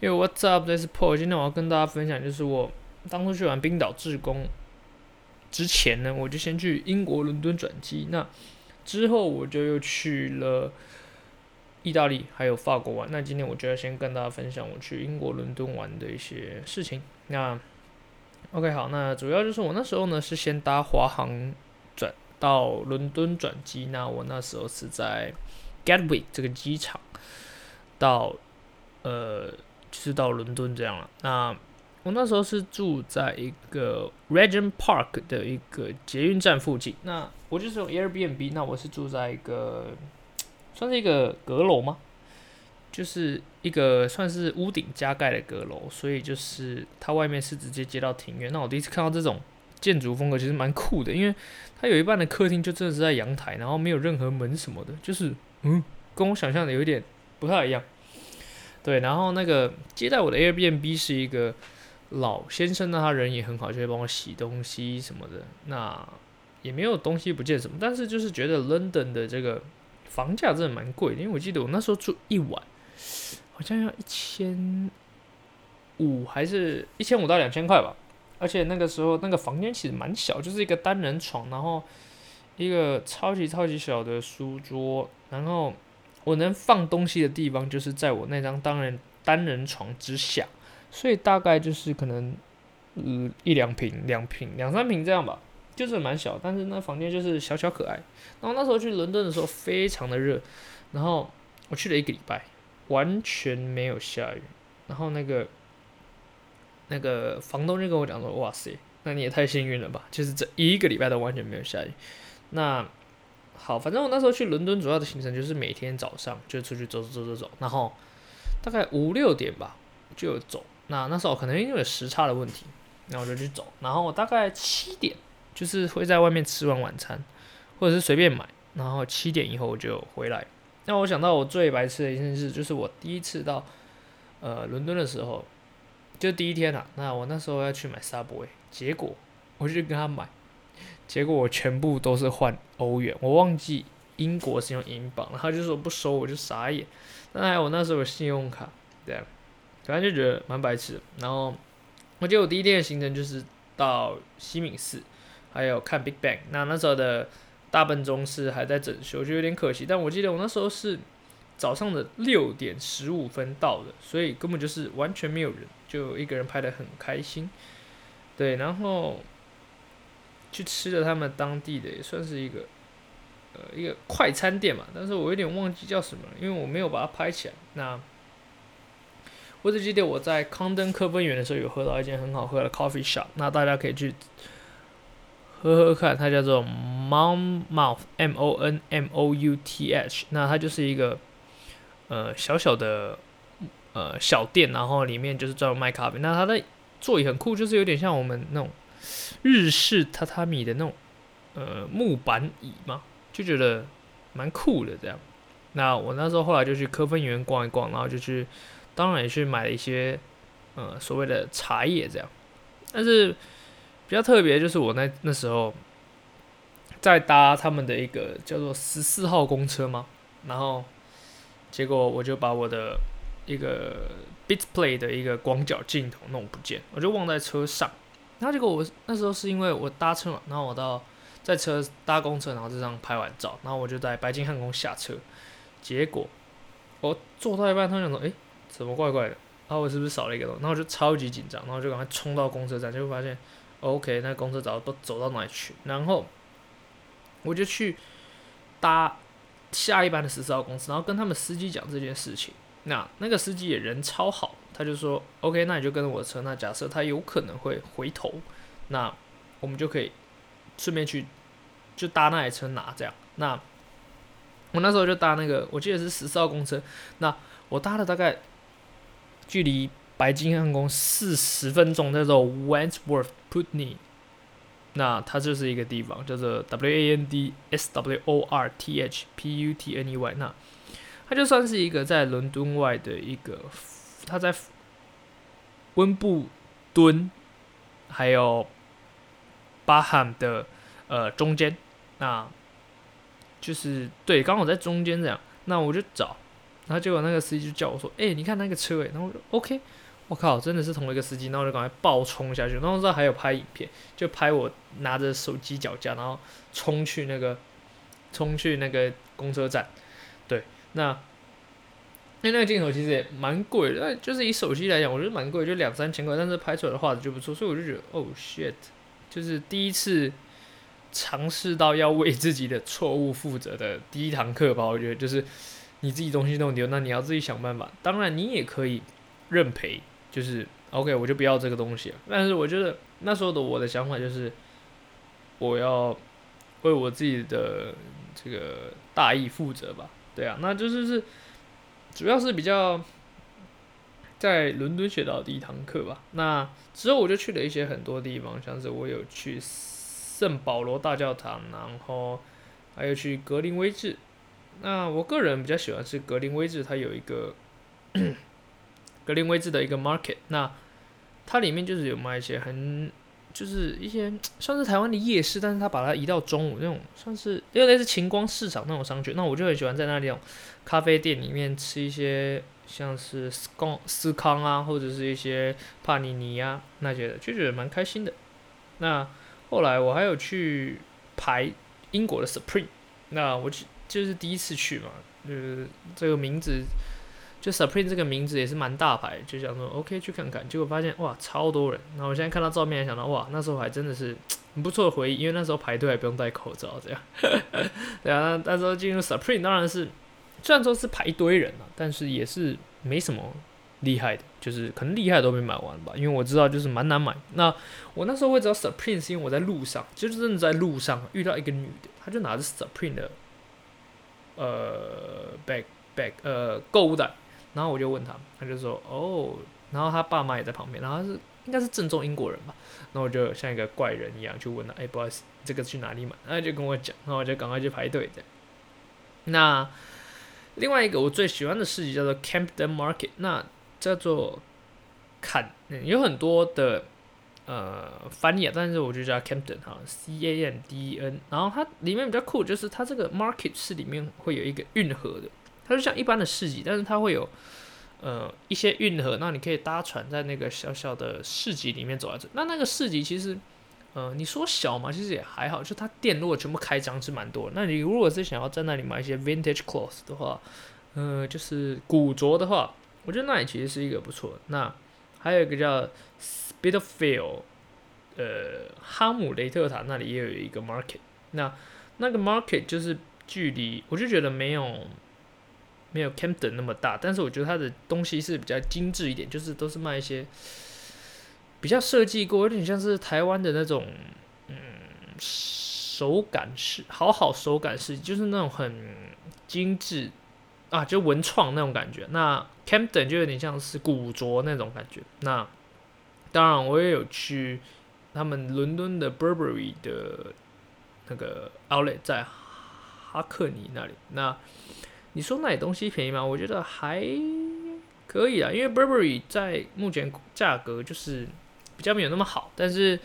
Yo, What's up？這是 Paul。今天我要跟大家分享，就是我當初去玩冰島志工之前呢，我就先去英國倫敦轉機。那之後我就又去了意大利，還有法國玩。那今天我就要先跟大家分享我去英國倫敦玩的一些事情。那 OK，好，那主要就是我那時候呢是先搭華航轉到倫敦轉機。那我那時候是在 Gatwick 這個機場到呃。是到倫敦這樣了。那我那時候是住在一個 Regent Park 的一個捷運站附近。那我就是用 Airbnb，那我是住在一個算是一個閣樓嗎？就是一個算是屋頂加蓋的閣樓，所以就是它外面是直接接到庭院。那我第一次看到這種建築風格，其實蠻酷的，因為它有一半的客廳就真的是在陽台，然後沒有任何門什麼的，就是嗯，跟我想象的有點不太一樣。對，然後那個接待我的 Airbnb 是一個老先生，那他人也很好，就會幫我洗東西什麼的。那也沒有東西不見什麼，但是就是覺得 London 的這個房價真的蠻貴的，因為我記得我那時候住一晚好像要一千五，還是一千五到兩千塊吧。而且那個時候那個房間其實蠻小，就是一個單人床，然後一個超級超級小的書桌，然後。我能放東西的地方就是在我那張單人、單人床之下，所以大概就是可能，嗯，一兩坪兩坪兩三坪這樣吧，就是蠻小，但是那房間就是小小可愛。然後那時候去倫敦的時候非常的熱，然後我去了一個禮拜完全沒有下雨，然後那個那個房東就跟我講說，哇塞，那你也太幸運了吧，就是這一個禮拜都完全沒有下雨，那。好，反正我那時候去倫敦主要的行程就是每天早上就出去走走走走走，然後大概五六點吧就有走。那那時候可能因為有時差的問題，然後我就去走。然後我大概七點就是會在外面吃完晚餐，或者是隨便買，然後七點以後我就回來。那我想到我最白痴的一件事就是我第一次到呃倫敦的時候，就第一天啊，那我那時候要去買 Subway，結果我就去跟他買。結果我全部都是換歐元，我忘記英國是用英鎊，然後他就說不收，我就傻眼。當然我那時候有信用卡，對啊，這樣，反正就覺得蠻白癡的。然後我記得我第一天的行程就是到西敏寺，還有看 Big Bang。那那時候的大笨鐘是還在整修，就有點可惜。但我記得我那時候是早上的六點十五分到的，所以根本就是完全沒有人，就一個人拍得很開心。對，然後。去吃了他們當地的，也算是一個呃一個快餐店嘛，但是我有點忘記叫什麼，因為我沒有把它拍起來。那我只記得我在康登科芬園的時候有喝到一間很好喝的 coffee shop，那大家可以去喝喝看，它叫做 Monmouth Monmouth M O N M O U T H，那它就是一個呃小小的呃小店，然後裡面就是專門賣咖啡，那它的座椅很酷，就是有點像我們那種。日式榻榻米的那種呃木板椅嘛，就覺得蠻酷的這樣。那我那時候後來就去科芬園逛一逛，然後就去，當然也去買了一些呃所謂的茶葉這樣。但是比較特別就是我那那時候在搭他們的一個叫做十四號公車嘛，然後結果我就把我的一個 Bitplay 的一個廣角鏡頭弄不見，我就忘在車上。那結果我那時候是因為我搭車嘛，然後我到在車搭公車，然後就這樣拍完照，然後我就在白金漢宮下車，結果我坐到一半，他想說：“誒、欸，怎麼怪怪的？”，然、啊、後我是不是少了一個東西？然後就超級緊張，然後就趕快衝到公車站，就會發現，OK，那公車早都走到哪裡去？然後我就去搭下一班的十四號公司，然後跟他們司機講這件事情。那那個司機也人超好。他就說：“OK，那你就跟着我的車。那假設他有可能會回頭，那我們就可以順便去就搭那台車拿這樣。那我那時候就搭那個，我記得是十四號公車。那我搭了大概距離白金漢宮四十分鐘，那時候 Wandsworth Putney，那它就是一個地方叫做 W A N D S W O R T H P U T N E Y。那它就算是一個在倫敦外的一個。”他在溫布敦，還有巴哈姆的呃中間，那就是對，剛好在中間這樣。那我就找，然後結果那個司機就叫我說：“哎，你看那個車欸。”然後我說：“OK。”我靠，真的是同一個司機。然後我就趕快暴衝下去。然後這還有拍影片，就拍我拿着手機腳架，然後衝去那個衝去那個公車站。對，那。因為那個鏡頭其實也蠻貴的，那就是以手機來講，我覺得蠻貴，就兩三千塊，但是拍出來的畫質就不錯，所以我就覺得，哦、oh、shit，就是第一次嘗試到要為自己的錯誤負責的第一堂課吧。我覺得就是你自己東西弄丟，那你要自己想辦法。當然，你也可以認賠，就是 OK，我就不要這個東西。但是我覺得那時候的我的想法就是，我要為我自己的這個大意負責吧。對啊，那就是是。主要是比較在倫敦學到的一堂課吧。那之後我就去了一些很多地方，像是我有去聖保羅大教堂，然後還有去格林威治。那我個人比較喜歡是格林威治，它有一個 格林威治的一個 market。那它裡面就是有賣一些很。就是一些算是台灣的夜市，但是它把它移到中午那種，算是又類似晴光市場那種商圈。那我就很喜歡在那裡那種咖啡店裡面吃一些像是斯康、斯康啊，或者是一些帕尼尼啊那些的，就覺得蠻開心的。那後來我還有去排英國的 Supreme，那我就是第一次去嘛，就是這個名字。就 Supreme 這個名字也是蠻大牌，就想說 OK 去看看，結果發現哇超多人。那我現在看到照片還想到哇，那時候還真的是很不錯的回憶，因為那時候排隊還不用戴口罩這樣。然 後、啊、那，那時候進入 Supreme 當然是雖然說是排一堆人啊，但是也是沒什麼厲害的，就是可能厲害的都沒買完吧，因為我知道就是蠻難買。那我那時候會知道 Supreme 是因為我在路上，就是真的在路上遇到一個女的，她就拿着 Supreme 的呃 bag bag 呃購物袋。然後我就問他，他就說哦，然後他爸媽也在旁邊，然後是應該是正宗英國人吧。然後我就像一個怪人一樣去問他，哎，不好意思，這個是去哪裡買？他就跟我講，然後我就趕快去排隊的。那另外一個我最喜歡的市集叫做 Camden Market，那叫做坎、嗯，有很多的呃翻譯，但是我就叫 Camden 哈 C, ton,、啊、C A M D E N。D、n, 然後它裡面比較酷就是它這個 market 是裡面會有一個運河的。它就像一般的市集，但是它會有，呃一些運河，那你可以搭船在那個小小的市集裡面走來走。那那個市集其實，呃你說小嘛，其實也還好，就它店如果全部開張是蠻多。那你如果是想要在那裡買一些 vintage clothes 的話，呃就是古着的話，我覺得那裡其實是一個不錯。那還有一個叫 Spitalfields 呃哈姆雷特塔那裡也有一個 market，那那個 market 就是距離，我就覺得沒有。沒有 Camden 那麼大，但是我覺得它的東西是比較精緻一點，就是都是賣一些比較設計過，有點像是台灣的那種，嗯，手感式，好好手感式，就是那種很精緻啊，就文創那種感覺。那 Camden 就有點像是古着那種感覺。那當然我也有去他們倫敦的 Burberry 的那個 outlet 在哈克尼那裡。那你說哪東西便宜嗎？我覺得還可以啊，因為 Burberry 在目前價格就是比較沒有那麼好，但是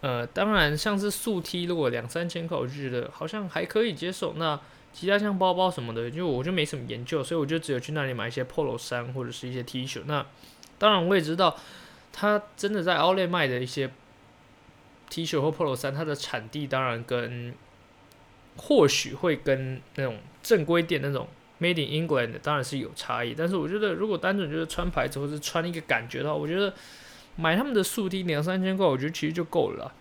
呃，當然像是素 T，如果兩三千塊日的，我覺得好像還可以接受。那其他像包包什麼的，就我就沒什麼研究，所以我就只有去那裡買一些 Polo 衫或者是一些 T 恤。那當然我也知道，它真的在奧萊賣的一些 T 恤或 Polo 衫，它的產地當然跟或許會跟那種。正規店那種 Made in England 當然是有差異，但是我覺得如果單純就是穿牌子或是穿一個感覺的話，我覺得買他們的素 T 兩三千塊，我覺得其實就夠了啦。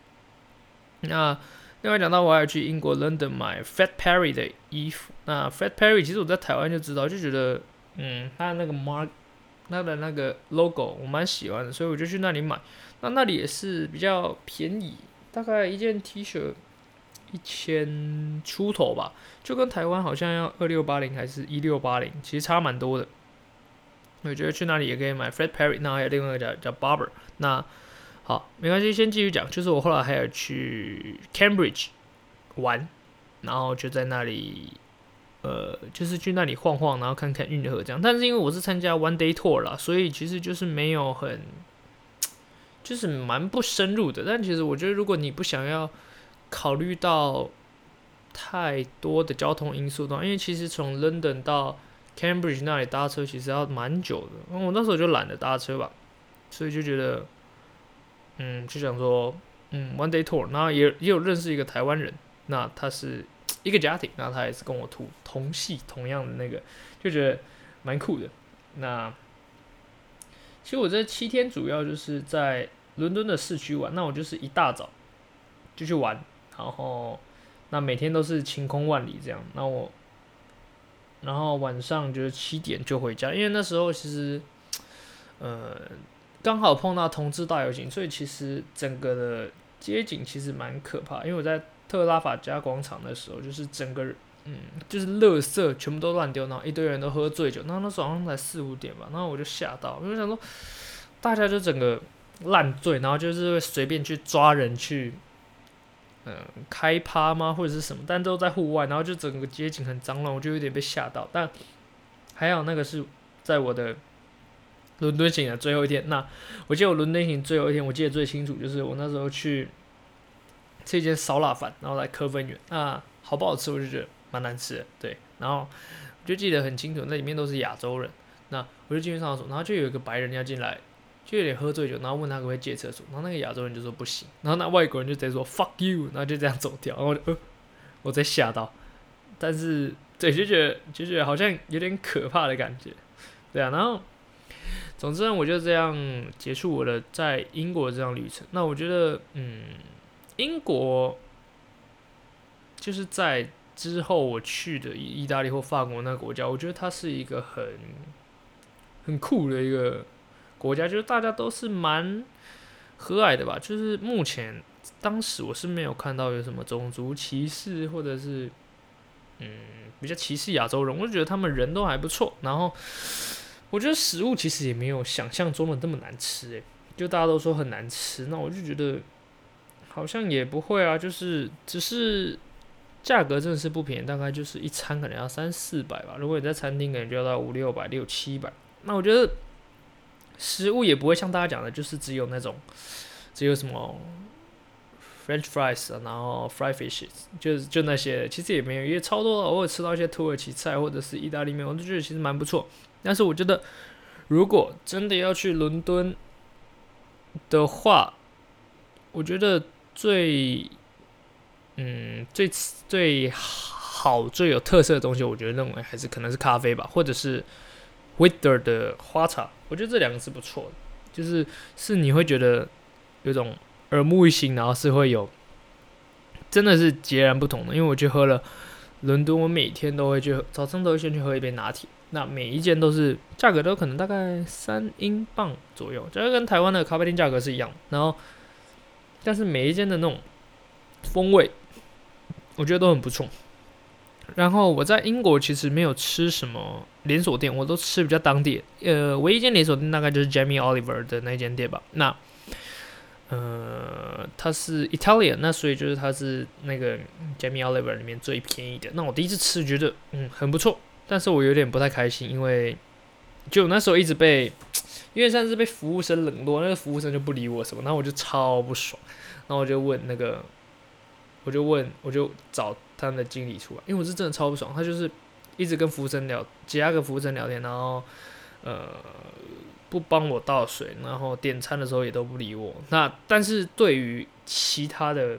那另外講到我還要去英國 London 買 Fred Perry 的衣服，那 Fred Perry 其實我在台灣就知道，就覺得嗯，他那個 mark 他的那個 logo 我蠻喜歡的，所以我就去那裡買，那那裡也是比較便宜，大概一件 T 恤，一千出頭吧，就跟台灣好像要二六八零，還是一六八零，其實差蠻多的。我覺得去那裡也可以買 Fred Perry，那還有另外一個叫叫 Barber。那好，沒關係，先繼續講，就是我後來還有去 Cambridge 玩，然後就在那裡，呃，就是去那裡晃晃，然後看看運河這樣。但是因為我是參加 One Day Tour 啦，所以其實就是沒有很，就是蠻不深入的。但其實我覺得，如果你不想要，考慮到太多的交通因素的話，因為其實從 London 到 Cambridge 那裡搭車其實要蠻久的，我那時候就懶得搭車吧，所以就覺得，嗯，就想說，嗯，One Day Tour，然後也也有認識一個台灣人，那他是一個家庭，然後他也是跟我同同系同樣的那個，就覺得蠻酷的。那其實我這七天主要就是在倫敦的市區玩，那我就是一大早就去玩。然後，那每天都是晴空萬里這樣。那我，然後晚上就是七點就回家，因為那時候其實，呃，剛好碰到同志大遊行，所以其實整個的街景其實蠻可怕。因為我在特拉法加廣場的時候，就是整個，嗯，就是垃圾全部都亂丟，然後一堆人都喝醉酒。那那時候好像才四五點吧，然後我就嚇到，因為想說，大家就整個爛醉，然後就是會隨便去抓人去。嗯，開趴嗎？或者是什麼？但都在戶外，然後就整個街景很髒亂，我就有點被嚇到。但還好那個是在我的倫敦行的最後一天。那我記得我倫敦行最後一天，我記得最清楚就是我那時候去吃一間燒臘飯，然後來科芬園。那好不好吃？我就覺得蠻難吃的。對，然後我就記得很清楚，那裡面都是亞洲人。那我就進去上廁所，然後就有一個白人要進來。就有點喝醉酒，然後問他可不可以借廁所，然後那個亞洲人就說不行，然後那外國人就直接說 fuck you，然後就這樣走掉，然後我就我直接嚇到，但是對，就覺得就覺得好像有點可怕的感覺，對啊，然後總之我就這樣結束我的在英國的這樣旅程。那我覺得，嗯，英國就是在之後我去的意大利或法國那個國家，我覺得它是一個很很酷的一個。國家就是大家都是蠻和藹的吧，就是目前當時我是沒有看到有什麼種族歧視或者是嗯比較歧視亞洲人，我就覺得他們人都還不錯。然後我覺得食物其實也沒有想象中的那麼難吃，誒，就大家都說很難吃，那我就覺得好像也不會啊，就是只是價格真的是不便宜，大概就是一餐可能要三四百吧，如果你在餐廳可能就要到五六百、六七百，那我覺得。食物也不會像大家講的，就是只有那種只有什麼 French fries 啊，然後 Fried fishes，就就那些，其實也沒有，因為超多的，偶爾吃到一些土耳其菜或者是意大利麵，我都覺得其實蠻不錯。但是我覺得，如果真的要去倫敦的話，我覺得最嗯最最好最有特色的東西，我覺得認為還是可能是咖啡吧，或者是。Whitter 的花茶，我覺得這兩個是不錯的，就是是你會覺得有種耳目一新，然後是會有真的是截然不同的。因為我去喝了倫敦，我每天都會去，早上都會先去喝一杯拿鐵。那每一間都是價格都可能大概三英鎊左右，這個跟台灣的咖啡店價格是一樣。然後，但是每一間的那種風味，我覺得都很不錯。然後我在英國其實沒有吃什麼。連鎖店我都吃比較當地，呃，唯一間連鎖店大概就是 Jamie Oliver 的那間店吧。那，呃，它是 Italian，那所以就是它是那個 Jamie Oliver 裡面最便宜的。那我第一次吃覺得，嗯，很不錯。但是我有點不太開心，因為就那時候一直被，因為上次被服務生冷落，那個服務生就不理我什麼，那我就超不爽。然後我就問那個，我就問，我就找他們的經理出來，因為我是真的超不爽，他就是。一直跟服務生聊，其他跟服務生聊天，然後呃不幫我倒水，然後點餐的時候也都不理我。那但是對於其他的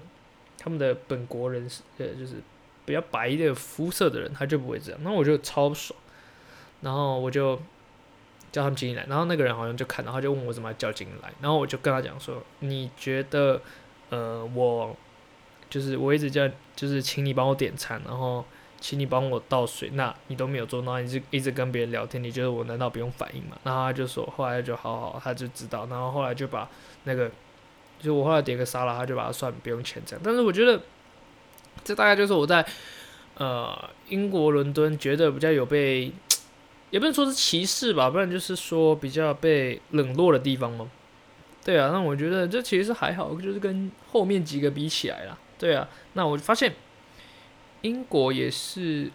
他們的本國人，呃，就是比較白的膚色的人，他就不會這樣。那我就超爽，然後我就叫他們經理來，然後那個人好像就看，然後他就問我怎麼叫經理來，然後我就跟他講說，你覺得呃我就是我一直叫就是請你幫我點餐，然後。請你幫我倒水，那你都沒有做，那你就一直跟別人聊天。你覺得我難道不用反應嗎？然後他就說，後來就好好，他就知道。然後後來就把那個，就我後來點個沙拉，他就把它算不用錢這樣。但是我覺得這大概就是我在呃英國倫敦覺得比較有被，也不能說是歧視吧，不然就是說比較被冷落的地方嘛。對啊，那我覺得這其實還好，就是跟後面幾個比起來了。對啊，那我就發現。英國也是，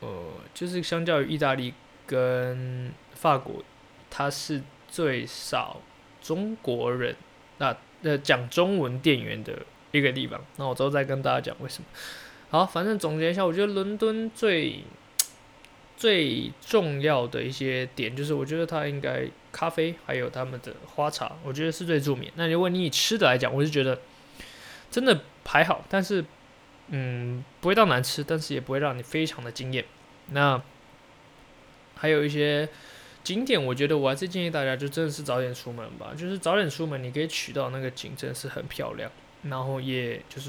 呃，就是相較於意大利跟法國，它是最少中國人那、啊、呃講中文店員的一個地方。那我之後再跟大家講為什麼。好，反正總結一下，我覺得倫敦最最重要的一些點，就是我覺得它應該咖啡還有他們的花茶，我覺得是最著名。那如果你以吃的來講，我是覺得真的還好，但是。嗯，不會到難吃，但是也不會讓你非常的驚豔。那還有一些景點，我覺得我還是建議大家就真的是早點出門吧，就是早點出門，你可以取到那個景，真是很漂亮。然後也就是。